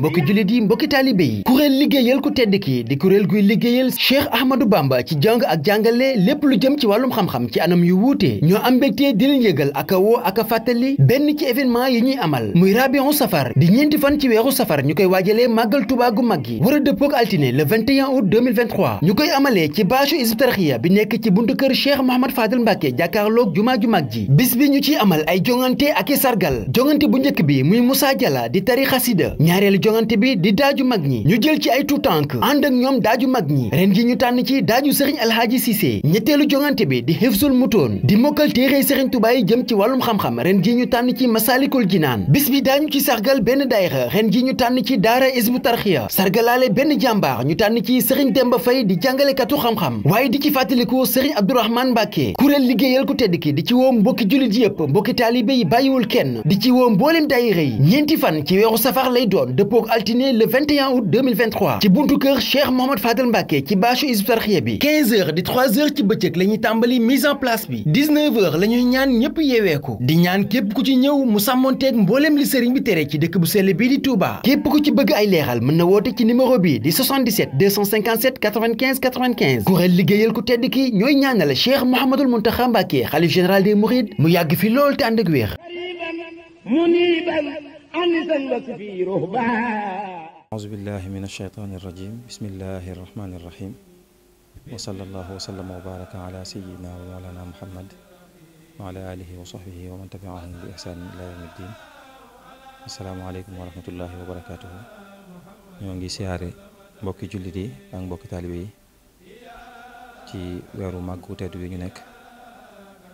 mbokki jullit yi mbokki taalibe yi kuréel liggéeyal ku tedd ki di kuréel guy liggéeyal Cheikh Ahmadou Bamba ci jàng ak jàngale lépp lu jëm ci wàllum xam-xam ci anam yu wuute ñoo am mbégte dina leen yëgal ak a woo ak fàttali benn ci événement yi ñuy amal muy rabiu safar di ñeenti fan ci weexu safar ñu koy waajalee màggal Tuubaa gu mag yi war a dëppook altine le 21 août 2023 ñu koy amalee ci bâchu Hizbut Tarqiyyah bi nekk ci buntu kër Cheikh Mouhamad Fadel Mbàkke jàkkaarloog jumaa ju mag ji bis bi ñu ciy amal ay jongante ak sargal jongante bu njëkk bi muy Moussa Diala di tari xasida ñaareelu jongante bi di daaju mag ñi ñu jël ci ay tuutànk ànd ak ñoom daaju mag ñi ren gi ñu tànn ci daaju sëriñ alhaaji Cissé ñetteelu jongante bi di xifsul mutoon di mokkal téere sëriñ Tuubaa yi jëm ci wàllum xam-xam ren ji ñu tànn ci masaalikul jinaan bis bi daañu ci sargal benn daayira ren gi ñu tànn ci daara isbu tarxiya sargalaale benn jàmbaar ñu tànn ci sëriñ Demba Fay di jàngalekatu xam-xam waaye di ci fàttaliku sëriñ Abdourahmane Mbàkke kuréel liggéeyal ku tedd ki di ci woo mbokki jullit yëpp mbokki taalibe yi bàyyiwul kenn di ci woo mbooleem daayira yi ñeenti fan ci weeru safar lay doon yemook altine le 21 août 2023 ci buntu kër Cheikh Mohamed Fadel Mbacke ci bâchu Hizbut Tarqiyyah bi 15 di 3 ci bëccëg la tàmbali mise en place bi 19 ñaan ñëpp yeeweeku di ñaan képp ku ci ñëw mu sàmmonteeg mbooleem li sëriñ bi tere ci dëkk bu sell bii di Touba képp ku ci bëgg ay leeral mën na woote ci numéro bi di 77 liggéeyal ku tedd ki ñooy ñaanal Cheikh Mouhamadoul Mountakha Mbacke xalif général des Mourides mu yàgg fi lool te ànd ak wéer أعوذ بالله من الشيطان الرجيم بسم الله الرحمن الرحيم وصلى الله وسلم وبارك على سيدنا ومولانا محمد وعلى آله وصحبه ومن تبعهم بإحسان إلى يوم الدين السلام عليكم ورحمة الله وبركاته ñoo ngi siyaare mbokki jullit yi ak mbokki taalibe yi ci weeru màggu tedd wi ñu nekk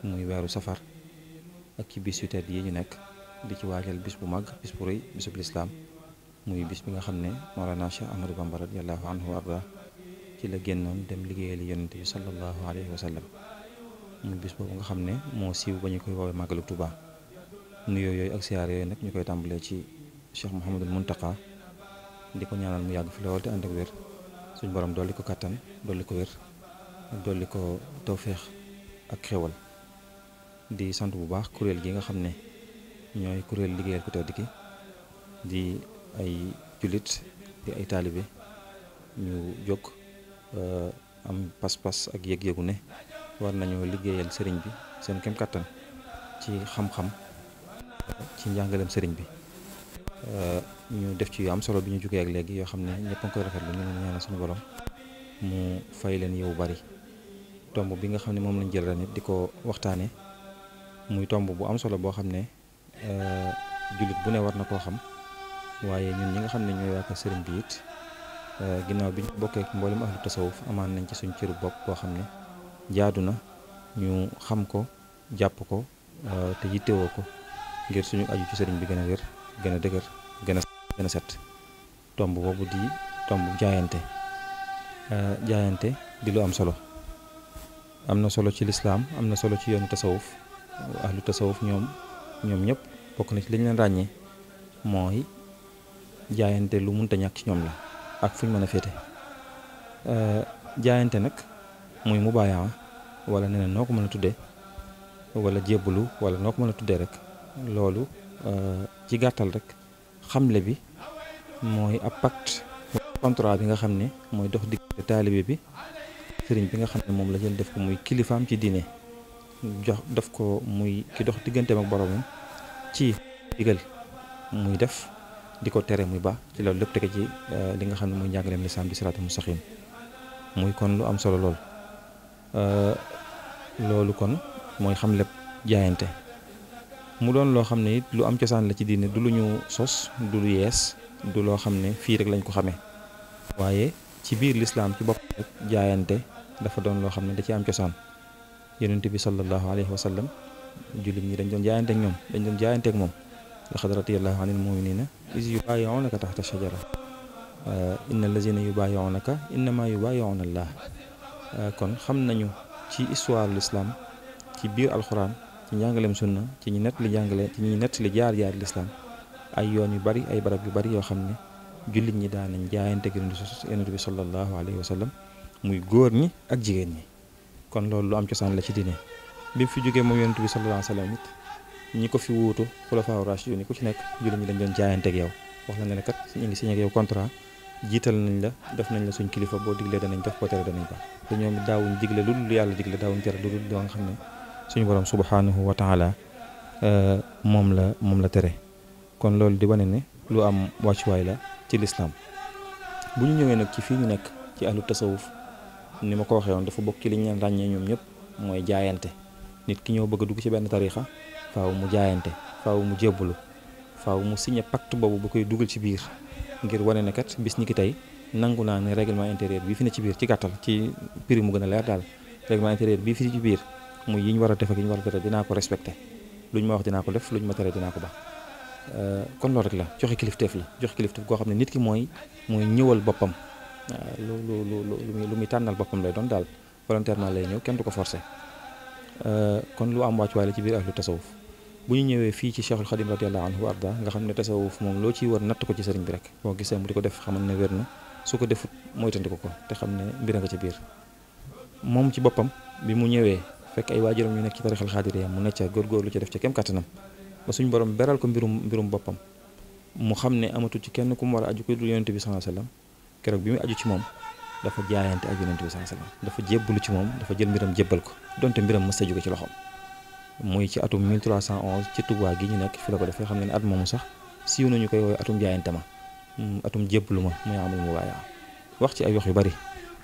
muy weeru safar ak ci bis yu tedd yi ñu nekk di ci waajal bis bu màgg bis bu rëy bisub lislaam muy bis bi nga xam ne Mawlana Cheikh Ahmadou Bamba radiyallahu anhu wa arda ci la génnoon dem liggéeyal yonent bi sallallahu alayhi wa sallam muy bis boobu nga xam ne moo siiw ba ñu koy woowee màggalu Tuubaa nuyoo yooyu ak siyaar yooyu nag ñu koy tàmbalee ci Cheikh Mouhamadul Mountakha di ko ñaanal mu yàgg fi lool te ànd ak wér suñu borom dolli ko kàttan dolli ko wér dolli ko tawféex ak xéwal di sant bu baax kuréel gi nga xam ne. ñooy kuréel liggéeyal ku tedd ki di ay jullit di ay taalibe ñu jóg euh, am pas-pas ak yëg-yëgu ne war nañoo liggéeyal sëriñ bi seen kem kàttan ci xam-xam ci njàngaleem sëriñ bi euh, ñu def ci yu am solo bi ñu jógee ak léegi yoo xam ne ñëpp a ngi koy rafetlu ñu ngi ñaanal suñu borom mu fay leen yow bari tomb bi nga xam ne moom lañu jël ren di ko waxtaane muy tomb bu am solo boo xam ne Euh, jullit bu ne war na koo xam waaye ñun ñi nga xam ne ñooy waa sëriñ bi it euh, ginnaaw bi ñu bokkee ak mboolem tasawuf amaan nañ ci suñu cëru bopp koo xam ne jaadu na ñu xam ko jàpp ko euh, te yittewoo ko ngir suñu aju ci sëriñ bi gën a wér gën a dëgër gën a gën a set tomb boobu di tomb jaayante jaayante di lu am solo am na solo ci lislaam am na solo ci yoonu tasawuf ahlu tasawuf ñoom ñoom ñëpp bokk nañ ci li leen ràññee mooy jaayante lu mënta ñàkk ci ñoom la ak fu mën a féete euh, jaayante nag muy mu baayaa wala neneen noo ko mën a tuddee wala jébbalu wala noo ko mën a tuddee rek loolu euh, ci gàttal rek xamle bi mooy ab pacte contrat bi nga xam ne mooy dox diggante taalibe bi sëriñ bi nga xam ne moom la jël def ko muy kilifaam ci diine jox def ko muy ki dox digganteem ak boromam ci digal muy def di ko tere muy ba ci loolu lépp tege ci eh, li nga xam ne muy njàngaleem lislaam di siraatu mustaqim muy kon lu am solo lool eh, loolu kon mooy xam lépp jaayante mu doon loo xam ne it lu am cosaan la ci diine du lu ñu sos du lu yees du loo xam ne fii rek lañ ko xamee waaye ci biir lislaam ci bopp jaayante dafa doon loo xam ne da ci am cosaan yonent bi sallallahu alayhi wa sallam jullit ñi dañ doon jaayante ñoom dañ doon jaayante ak moom laqad radiyallahu anil muminina is yubaayi'unaka taxta shajara inna allazina yubaayi'unaka innama yubaayi'una allah kon xam nañu ci histoire l'islam ci biir alxuraan ci njàngaleem sunna ci ñu nett li jàngale ci ñi nett li jaar-jaar l'islam ay yoon yu bari ay barab yu bari yoo xam ne jullit ñi daan nañ jaayante ak yonent bi sallallahu alayhi wa sallam muy góor ñi ak jigéen ñi kon loolu lu am cosaan la ci diine bi mu fi jógee moom yonent bi sallallahu alayhi wa sallam it ñi ko fi wuutu xulafaa rashidun ku ci nekk jullit ñi dañ doon jaayante ak yow wax nañ ne kat ñu ngi signé ak nañ la def nañ la suñ kilifa boo diglee danañ def boo tere danañ ba te ñoom daawuñ digle lu dul yàlla digle daawuñ tere lu dul doo nga xam ne suñu borom subhanahu wa taala euh, moom la moom la tere kon loolu di wane ne lu am wàccuwaay la ci lislaam bu ñu ñëwee nag ci fii ñu nekk ci ahlu tasawuf ni ma ko waxee woon dafa bokk ci li ñu leen ràññee ñoom ñëpp mooy jaayante nit ki ñëw bëgg a dugg ci benn tariixa faw mu jaayante faw mu jébbalu faaw mu signé pacte boobu bu koy dugal ci biir ngir wane ne kat bis ñi ki tey nangu naa ne règlement intérieur bi fi ne ci biir ci gàttal ci prix mu gën a leer daal règlement intérieur bii fi ci biir muy yi ñu war a def ak yi ñu war a tere dinaa ko respecté lu ñu ma wax dinaa ko def lu ñu ma tere dinaa ko baax euh, kon loolu rek la joxe kilifteef la joxe kilifteef goo xam ne nit ki mooy mooy ñëwal boppam lu lu lu lu muy tànnal boppam lay doon daal volontairement lay ñëw kenn du ko forcer euh, kon lu am wàccuwaay la ci biir ahlu tasawuf bu ñu ñëwee fii ci cheikhul xadim radiallahu anhu wa arda nga xam ne tasawuf moom loo ciy war natt ko ci sëriñ bi rek boo gisee mu di ko def xamal ne wér su ko defut moytandiku ko te xam ne mbir nga ci biir moom ci boppam bi mu ñëwee fekk ay waajuram yu nekk ci tarixal xaadiriya mu ne ca góorgóorlu ca def ca kem kàttanam ba suñu borom beral ko mbirum mbirum boppam mu xam ne amatul ci kenn ku mu war a aju ko dul yonente bi keroog bi muy aju ci moom dafa jaayante ak yonent bi dafa jébbalu ci moom dafa jël mbiram jébbal ko donte mbiram mës a jóge ci loxo muy ci atum 1311 ci Touba gi ñu nekk fi la ko defee xam ne at moomu sax siiw ñu koy woowee atum jaayante ma mm, atum jébbalu ma muy amul mu baayaa wax ci ay wax yu bari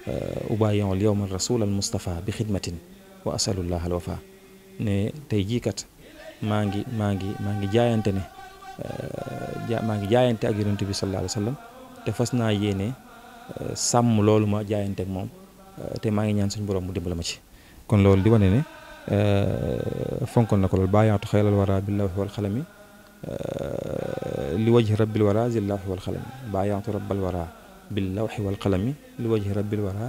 euh, ubaayon al yowma rasul al mustafa bi xidmatin wa asalullah al wafa ne tey jii kat maa ngi maa ngi maa ngi jaayante ne euh, maa ngi jaayante ak yonent bi sallallahu alayhi wasallam te fas naa yéene Euh, sàmm loolu ma jaayanteeg moom euh, te maa ngi ñaan suñu borom mu dimbala ma ci kon loolu di wane ne euh, fonkoon na ko loolu bàyyaatu xeelal wara billaahi wal xalami li wajhi rabbil wara zillaahi wal xalami bàyyaatu rabbal wara billawxi wal xalami li wajhi rabbil wara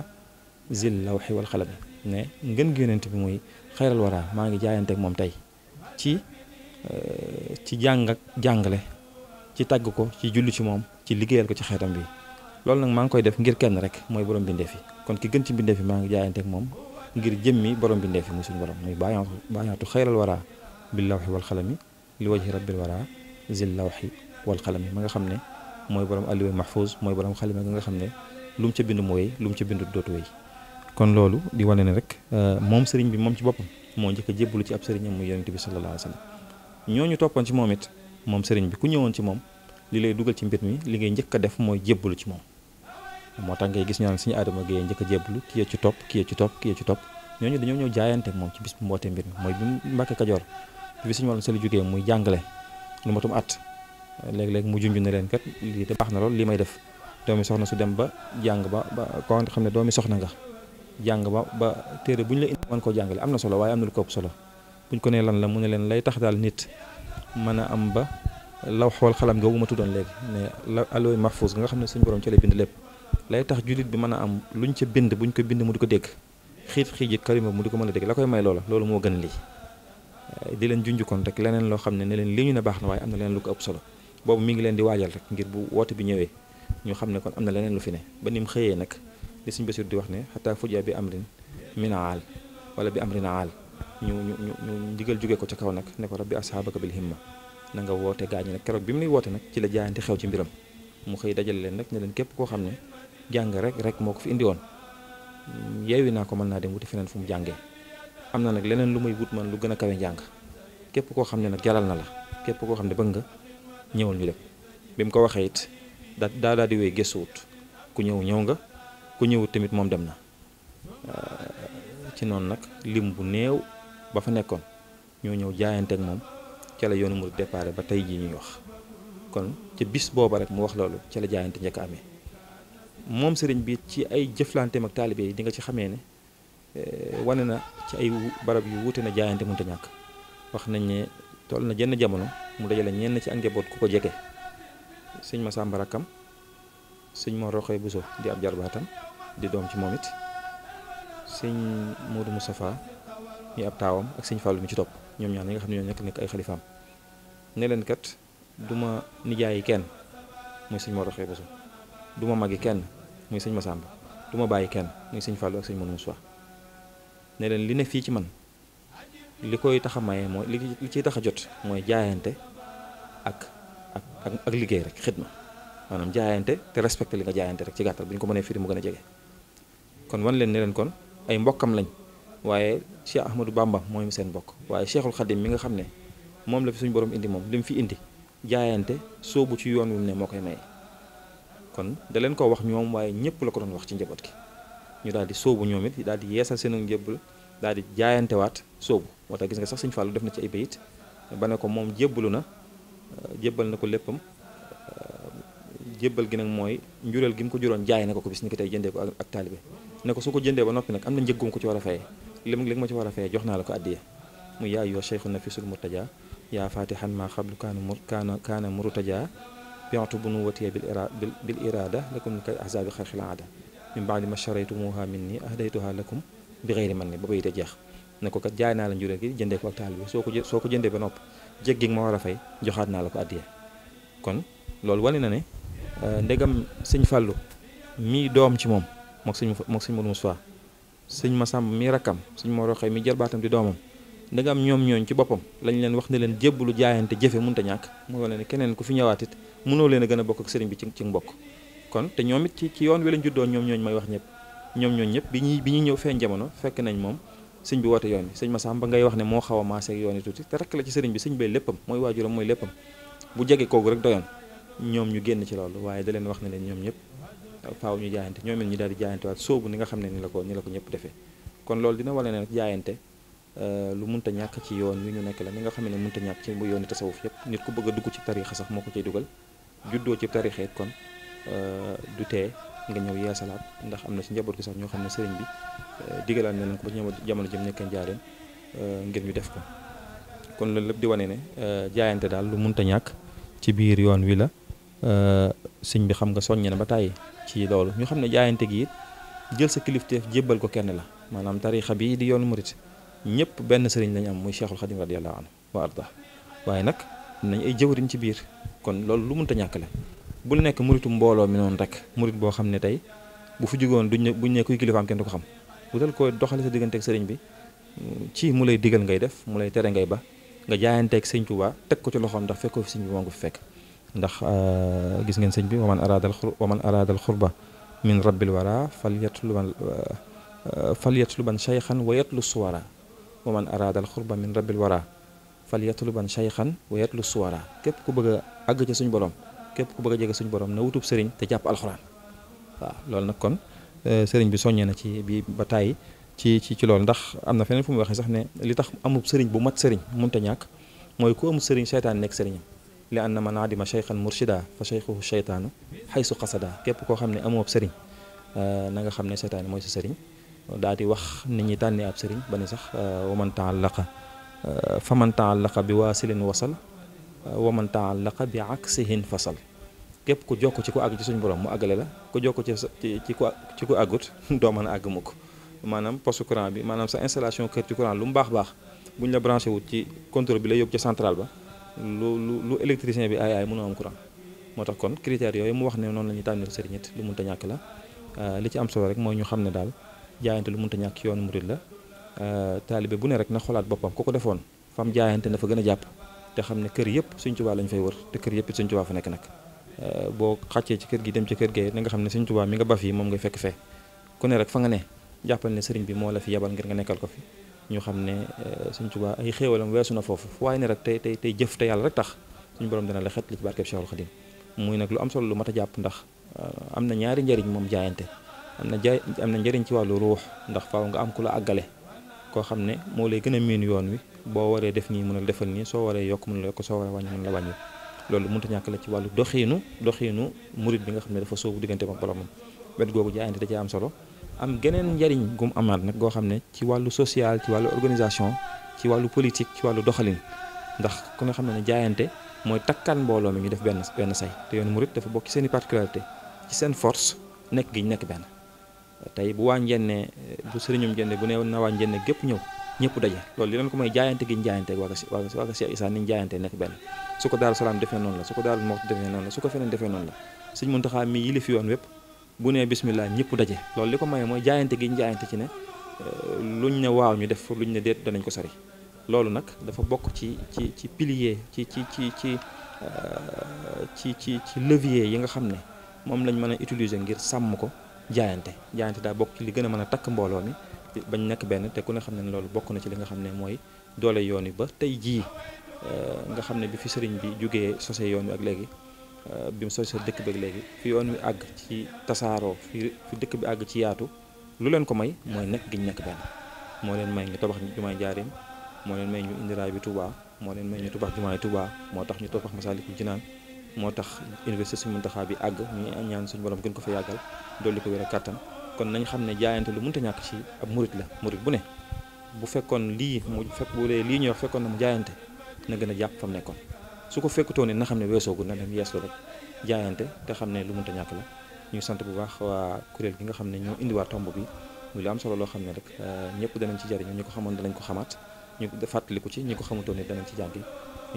zillawxi wal xalami ne ngeen gi yonent bi muy xeelal wara maa ngi jaayanteeg moom tey ci ci jàng ak jàngale ci tàgg ko ci julli ci moom ci liggéeyal ko ci xeetam bi loolu nag maa ngi koy def ngir kenn rek mooy borom bindeef yi kon ki gën ci bindeef yi maa ngi jaayante ak moom ngir jëmmi borom bindeef yi mu suñu borom muy bàyyi bàyyaatu xayral wara billawxi wal xalami li wajhi rabbil wara zil lawxi wal xalami ma nga xam ne mooy borom aliwa mahfuz mooy borom xalima nga xam ne lu mu ca bind mu wéy lu mu ca bind dootu wéy kon loolu di wane ne rek euh, moom sëriñ bi moom ci boppam moo njëkk a jébbalu ci ab sëriñam muy yonente bi sallallahu alayhi wa sallam ñooñu toppoon ci moom it moom sëriñ bi ku ñëwoon ci moom li lay dugal ci mbir mi li ngay njëkk def mooy jébbalu ci moom moo tax ngay gis ñu naan suñu Adama Gueye njëkk a jébbalu kii ci topp kii ci topp kii ci topp ñooñu dañoo ñëw jaayante moom ci bis bu mbootee mbir mi mooy bi mu Mbàkke Kajoor bi suñu wàllu seli jógee muy jàngale lu matum at léegi léeg mu junj na leen kat lii de baax na lool lii may def doomi soxna su dem ba jàng ba ba koo xam ne doomi soxna nga jàng ba ba téere bu ñu la indi koo jàngale am na solo waaye am na lu ko ëpp solo buñ ko nee lan la mu ne leen lay tax daal nit mën a am ba law xool xalam googu ma tuddoon léegi ne la aloy mahfuz nga xam ne suñ borom ci la bind lépp lay tax jullit bi mën a am luñ ca bind buñ ko bind mu di ko dégg xiit xiijit karima mu di ko mën a dégg la koy may loola loolu moo gën lii eh, di leen junj kon rek leneen loo xam ne ne leen li ñu ne baax na waaye am na leneen lu ko ëpp solo boobu mi ngi leen di waajal rek ngir bu woote bi ñëwee ñu xam ne kon am na leneen lu fi ne ba ni mu xëyee nag li suñ Basiru di wax ne xataa fuja bi am min aal wala bi amrin aal ñu ñu ñu ndigal jóge ko ca kaw nag ne ko rabbi asxaabaka bil na nga woote gaañi nag keroog bi mu lay woote nag ci la jaayante xew ci mbiram mu xëy dajale leen nag ne képp koo xam ne jàng rek rek moo ko fi indi woon yeewi naa ko mën naa dem wuti feneen fu mu jàngee am na nag leneen lu muy wut man lu gën a kawe njàng képp koo xam ne nag jaral na la képp koo xam ne bëgg nga ñëwal ñu dem bi mu ko waxee it da daa daal di wéy gëstuwut ku ñëw ñëw nga ku ñëwut tamit moom dem na ci noonu nag lim bu néew ba fa nekkoon ñoo ñëw jaayante ak moom ca la yoonu mu déparé ba tey jii ñuy wax kon ca bis booba rek mu wax loolu ca la jaayante njëkk amee moom sëriñ bi ci ay jëflanteem ak taalibe yi di nga ci xamee ne eh, wane na ci ay barab yu wuute na jaayante mënta ñàkk wax nañ ne toll na jenn jamono mu dajale ñenn ci ak njaboot ku ko jege sëñ Masamba rakkam sëñ Mor Roxoy Buso di ab jarbaatam di doom ci moom it sëñ Modou Moustapha mi ab taawam ak sëñ Fallou mi ci topp ñoom ñaar ñi nga xam ne ñoo nekk nekk ay xalifaam ne leen kat duma yi kenn muy sëñ Mor Roxoy Buso du ma magi kenn muy sëñ Masamba du ma bàyyi kenn muy sëñ Fallou ak sëñ Manoune Soix ne leen li ne fii ci man li koy tax a maye mooy li ciy tax a jot mooy jaayante ak ak ak liggéey rek xidma maanaam jaayante te respecté li nga jaayante rek ci gàttal bu ñu ko mënee firi mu gën a jege. kon wan leen kon ay mbokkam lañ waaye Cheikh Ahmadou Bamba mooy seen mbokk waaye Cheikhul Khadim mi nga xam ne moom la fi suñu borom indi moom li mu fi indi jaayante soobu ci yoon wi ne moo koy maye. kon da leen ko wax ñoom waaye ñëpp la ko doon wax ci njaboot gi ñu daal di sóobu ñoom it daal di yeesal seenu njëbbal daal di jaayantewaat sóobu moo tax gis nga sax Sëñ Fallu def na ci ay bayit ba ne ko moom jébbalu na euh, jébbal na ko léppam euh, jébbal gi nag mooy njureel gi mu ko juróon jaay na ko ko bis ni ko tey jëndee ko ak taalibe ne ko su ko jëndee ba noppi nag am na njëggum ko ci war a fayee li mu ci war a fayee jox naa la ko addiya mu yaa yoo cheikhuna fisul murtaja yaa fatihan ma xablu kaana kaana murtaja bi'tu bunuwwatiya bil iraada lakum kal ahzaabi xalqil aada min ba'di ma sharaytumuuha minni ahdaytuha lakum bi ghayri man ni ba bay da jeex ne ko kat jaay naa la njuréel gi jëndee ko ak taal bi soo ko soo ko jëndee ba nopp jéggi ma war a fay joxaat naa la ko addiya kon loolu wane na ne euh, ndegam sëñ Fallou mii doom ci moom mook sëñ mook sëñ Modou Moussa sëñ Massamba mii rakkam sëñ Mor Roxay mi jarbaatam di doomam ndegam ñoom ñooñ ci boppam lañ leen wax ne leen jébbalu jaayante jëfe mënta ñàkk mu wane ne keneen ku fi ñëwaatit mënoo leen a gën a bokk ak sëriñ bi ci ci mbokk kon te ñoom it ci yoon wi juddoo ñoom ñooñ may wax ñëpp ñoom ñooñ ñëpp bi ñuy bi ñuy ñëw feeñ jamono fekk nañ moom sëñ yoon bi sëñ Massamba ngay wax ne moo xaw a maaseeg yoon yi tuuti te rek la ci sëriñ bi sëñ bay léppam mooy waajuram mooy léppam ñu génn ci loolu waaye da leen wax na leen ñoom ñëpp faaw ñu jaayante ñoom it ñu daal di jaayante waat soobu ni nga xam ne ni la ko ni la ko ñëpp defee kon loolu dina wane ne jaayante Euh, lu munta ñàkk ci yoon wi ñu nekk la ni nga xam ne munta ñàkk ci bu yooni tasawuf yëpp nit ku bëgg a dugg ci tarixa sax moo ko cay dugal juddoo ci tarixeet kon euh, du tee nga ñëw yeesalaat ndax am na ci njaboot gi sax ñoo xam ne sëriñ bi euh, digalaat na ko ba ci jamono jëm nekk njaareem ñu def ko kon loolu lépp di wane ne jaayante daal lu munta ñàkk ci biir yoon wi la sëñ bi xam nga soññe ne ba tàyyi ci loolu ñu xam ne jaayante gi it jël sa kilifteef jébbal ko kenn la maanaam tarixa bi di yoonu murit ñëpp benn sëriñ lañ am muy cheikhul xadim radiallahu anhu wa arda waaye nag nañ ay jëwriñ ci biir kon loolu lu mun mënta ñàkk la bul nekk muritu mbooloo mi noonu rek murit boo xam ne tey bu fi jigoon du buñ ne kuy kilifaam kenn du ko xam wutal koy doxale sa diggante ak sëriñ bi ci mu lay digal ngay def mu lay tere ngay ba nga jaayanteeg sëñ Tuubaa teg ko ci loxoom ndax fekkoo fi sëñ bi moo ko fi fekk ndax euh, gis ngeen sëñ bi waman araadal xur waman araadal xurba min rabbil wara fal yatluban euh, fal yatluban cheykhan wa yatlu suwara wa man araada al xurba min rabbil wara fal yatluban shaykhan wa yatlu suwara képp ku bëgg a àgg ci suñu borom képp ku bëgg jege suñu borom na wutub sëriñ te jàpp alxuraan waaw loolu nag kon euh, sëriñ bi soññee na ci bi ba tàyyi ci ci ci loolu ndax am na feneen fu mu waxee sax ne li tax amub sëriñ bu mat sëriñ mënta ñàkk mooy ku amul sëriñ seytaan nekk sëriñam li anna man adima shaykhan murshida fa shaykhuhu shaytaanu xaysu xasada képp koo xam ne amoo sëriñ euh, na nga xam ne seytaan mooy si sëriñ daal di wax ni ñi tànnee ab sëriñ ba ne sax euh, wa man taallaqa euh, fa man taallaqa bi waasilin wasal euh, wa man taallaqa bi aksihin fasal képp ku jokk ci ku àgg ci suñu borom mu àggale la ku jokk ci ci ku ci ku àggut doo mën a àgg mukk maanaam poste courant bi maanaam sa installation kër ci courant lu mu baax baax bu ñu la branché wut ci contrôle bi la yóbbu ca centrale ba lu lu lu électricien bi ay ay mënoo am courant moo tax kon critères yooyu mu wax ne noonu la ñuy tànnal sëriñ it lu mënta ñàkk la li ci am solo rek mooy ñu xam ne daal jaayante lu mënta ñàkk yoonu murit la euh, taalibe bu ne rek na xolaat boppam ku ko defoon fam jaayante na fa gën a jàpp te xam ne kër yëpp suñ Tuubaa lañ fay wër te kër yëpp Sëñ Tuubaa fa nekk nag euh, boo xàccee ci kër gi dem ci kër gee na nga xam ne Sëñ Tuubaa mi nga ba fii moom ngay fekk fee ku rek fa nga ne jàppal ne sëriñ bi moo fi yebal ngir nga nekkal ko fi ñu xam ne euh, Sëñ Tuubaa ay xéewalam weesu na foofu waaye ne rek tey tey tey jëf te yàlla rek tax suñu borom dina la xet li ci barkeb Cheikhul Khadim muy nag lu am solo lu mat a jàpp ndax am na ñaari njariñ moom jaayante am na jaay am na njëriñ ci wàllu ruux ndax faaw nga am ku la àggale koo xam ne moo lay gën a miin yoon wi boo waree def nii mën a defal nii soo waree yokk mën la yokk soo waree wàññi mën la wàññi loolu mënta ñàkk la ci wàllu doxiinu doxinu murit bi nga xam ne dafa soobu diggante ak boromam wet googu jaayante da cee am solo am geneen njariñ gum amaat nag goo xam ne ci wàllu social ci wàllu organisation ci wàllu politique ci wàllu doxalin ndax ku nga xam ne ne jaayante mooy takkaan mbooloo mi ñu def benn benn say te yoon murit dafa bokk ci seen i particularité seen force nekk gi ñu benn tey bu waa njenne bu sëriñum njenne bu ne na waa njenne gépp ñëw ñëpp daje loolu li leen ko mooy jaayante gi ñu jaayante waa waaka Cheikh Issa ni ñu jaayante nekk benn su ko Daaru Salaam defee noonu la su ko Daaru Moxti defee noonu la su ko feneen defee noonu la sëñ Muntaxa mi yilif yoon wépp bu nee bismillah ñëpp daje loolu li ko maye mooy jaayante gi ñu jaayante ci ne euh, luñ ne waaw ñu def lu ñu ne déet danañ ko sori loolu nag dafa bokk ci ci ci pilier ci ci ci ci euh, ci ci ci levier yi nga xam ne moom lañ mën a utiliser ngir sàmm ko jaayante jaayante daa bokk ci li gën a mën a takk mbooloo mi bañ nekk benn te ku ne xam ne loolu bokk na ci li nga xam ne mooy doole yoon wi ba tey jii euh, nga xam ne bi fi sëriñ bi jógee sose yoon wi ak léegi euh, bi mu sosé dëkk bi ak léegi fi yoon wi àgg ci tasaaroo fi fi dëkk bi àgg ci yaatu lu leen ko may mooy nekk gi ñu nekk benn moo leen may ñu tabax jumaay njaareem moo leen may ñu indi bi Touba moo leen may ñu tabax jumaay Touba moo tax ñu tabax Masaalikul Jinaan moo tax université Serigne Mountakha bi àgg ñu ñaan suñu borom gën ko fa yàggal li ko wér a kàttan kon nañ xam ne jaayante lu mënta ñàkk ci ab murit la murit bu ne bu fekkoon lii mu fekk bu dee lii ñuy fekkoon na mu jaayante na gën a jàpp fa mu nekkoon su ko fekkutoon ne na xam ne weesoogu na dem yeeslu rek jaayante te xam ne lu mënta ñàkk la ñu sant bu baax waa kuréel bi nga xam ne ñoo indiwaat tomb bi mu lu am solo loo xam ne rek eh, ñëpp danañ ci jariñu ñi ko xamoon danañ ko xamaat ñu fàttaliku ci ñi ko xamutoon ne danañ ci jàngi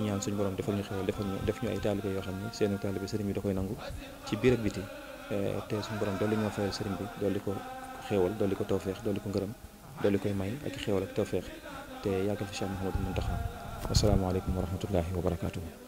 ñu suñ suñu borom defal ñu xewal defal ñu def ñu ay taalibe yoo xam ne seenu taalibe sëriñ bi da koy nangu ci biir ak biti eh, te suñu borom dolli ñoo fayal sëriñ bi dolli ko xewal dolli ko tawfeex dolli ko ngërëm dolli koy may ak xewal ak tawfeex te yàggal fi Cheikh Mouhamadou Mountakha asalaamaaleykum wa rahmatullahi wa barakaatuhu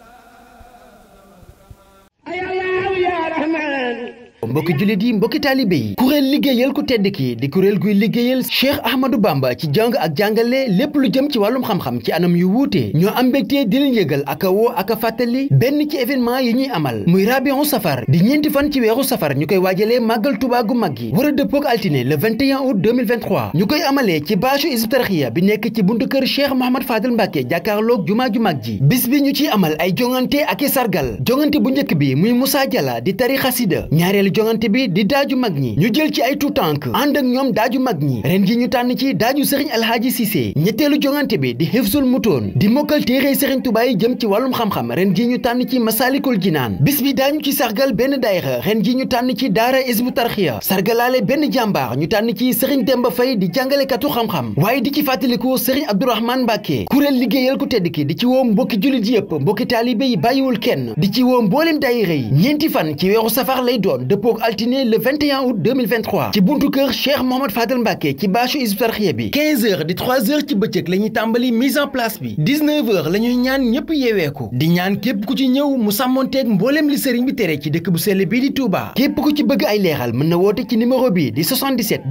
mbokki jullit yi mbokki taalibe yi kuréel liggéeyal ku tedd ki di kuréel guy liggéeyal Cheikh Ahmadou Bamba ci jàng ak jàngale lépp lu jëm ci wàllum xam-xam ci anam yu wuute ñoo am mbégte di leen yëgal ak a woo ak fàttali benn ci événement yi ñuy amal muy rabion safar di ñeenti fan ci weexu safar ñu koy waajalee màggal Tuubaa gu mag gi war a dëppook altine le 21 août 2023 ñu koy amalee ci bâchu Hizbut Tarqiyyah bi nekk ci buntu kër Cheikh Mouhamad Fadel Mbàkke jàkkaarloog jumaa ju mag ji bis bi ñu ciy amal ay jongante ak sargal jongante bu njëkk bi muy Moussa Diala di tari xasida ñaareelu jongante bi di daaju mag ñi ñu jël ci ay tu tuutànk ànd ak ñoom daaju mag ñi ren gi ñu tànn ci daaju sëriñ alhaaji Cissé ñetteelu jongante bi di xifsul mutoon di mokkal téere sëriñ Tuubaa yi jëm ci wàllum xam-xam ren ji ñu tànn ci masaalikul jinaan bis bi daañu ci sargal benn daayira ren gi ñu tànn ci daara isbu tarxiya sargalaale benn jàmbaar ñu tànn ci sëriñ Demba Fay di jàngalekatu xam-xam waaye di ci fàttaliku sëriñ Abdourahmane Mbàkke kuréel liggéeyal ku tedd ki di ci woo mbokki jullit yëpp mbokki taalibe yi bàyyiwul kenn di ci woo mbooleem daayira yi ñeenti fan ci weeru safar lay doon dëppook altine le 21 août 2023 ci buntu kër Cheikh Mohamed Fadel Mbacke ci bâchu Hizbut Tarqiyyah bi 15 di 3 ci bëccëg la tàmbali mise en place bi 19 ñaan ñëpp yeeweeku di ñaan képp ku ci ñëw mu sàmmonteeg mbooleem li sëriñ bi tere ci dëkk bu sell bii di Touba képp ku ci bëgg ay leeral mën na woote ci numéro bi di 77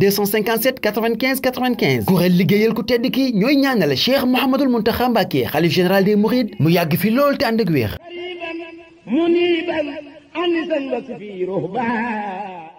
liggéeyal ku tedd ki ñooy ñaanal Cheikh Mouhamadoul Mountakha Mbacke xalif général des Mourides mu yàgg fi lool te ànd ak wéer أنت التي في رهبان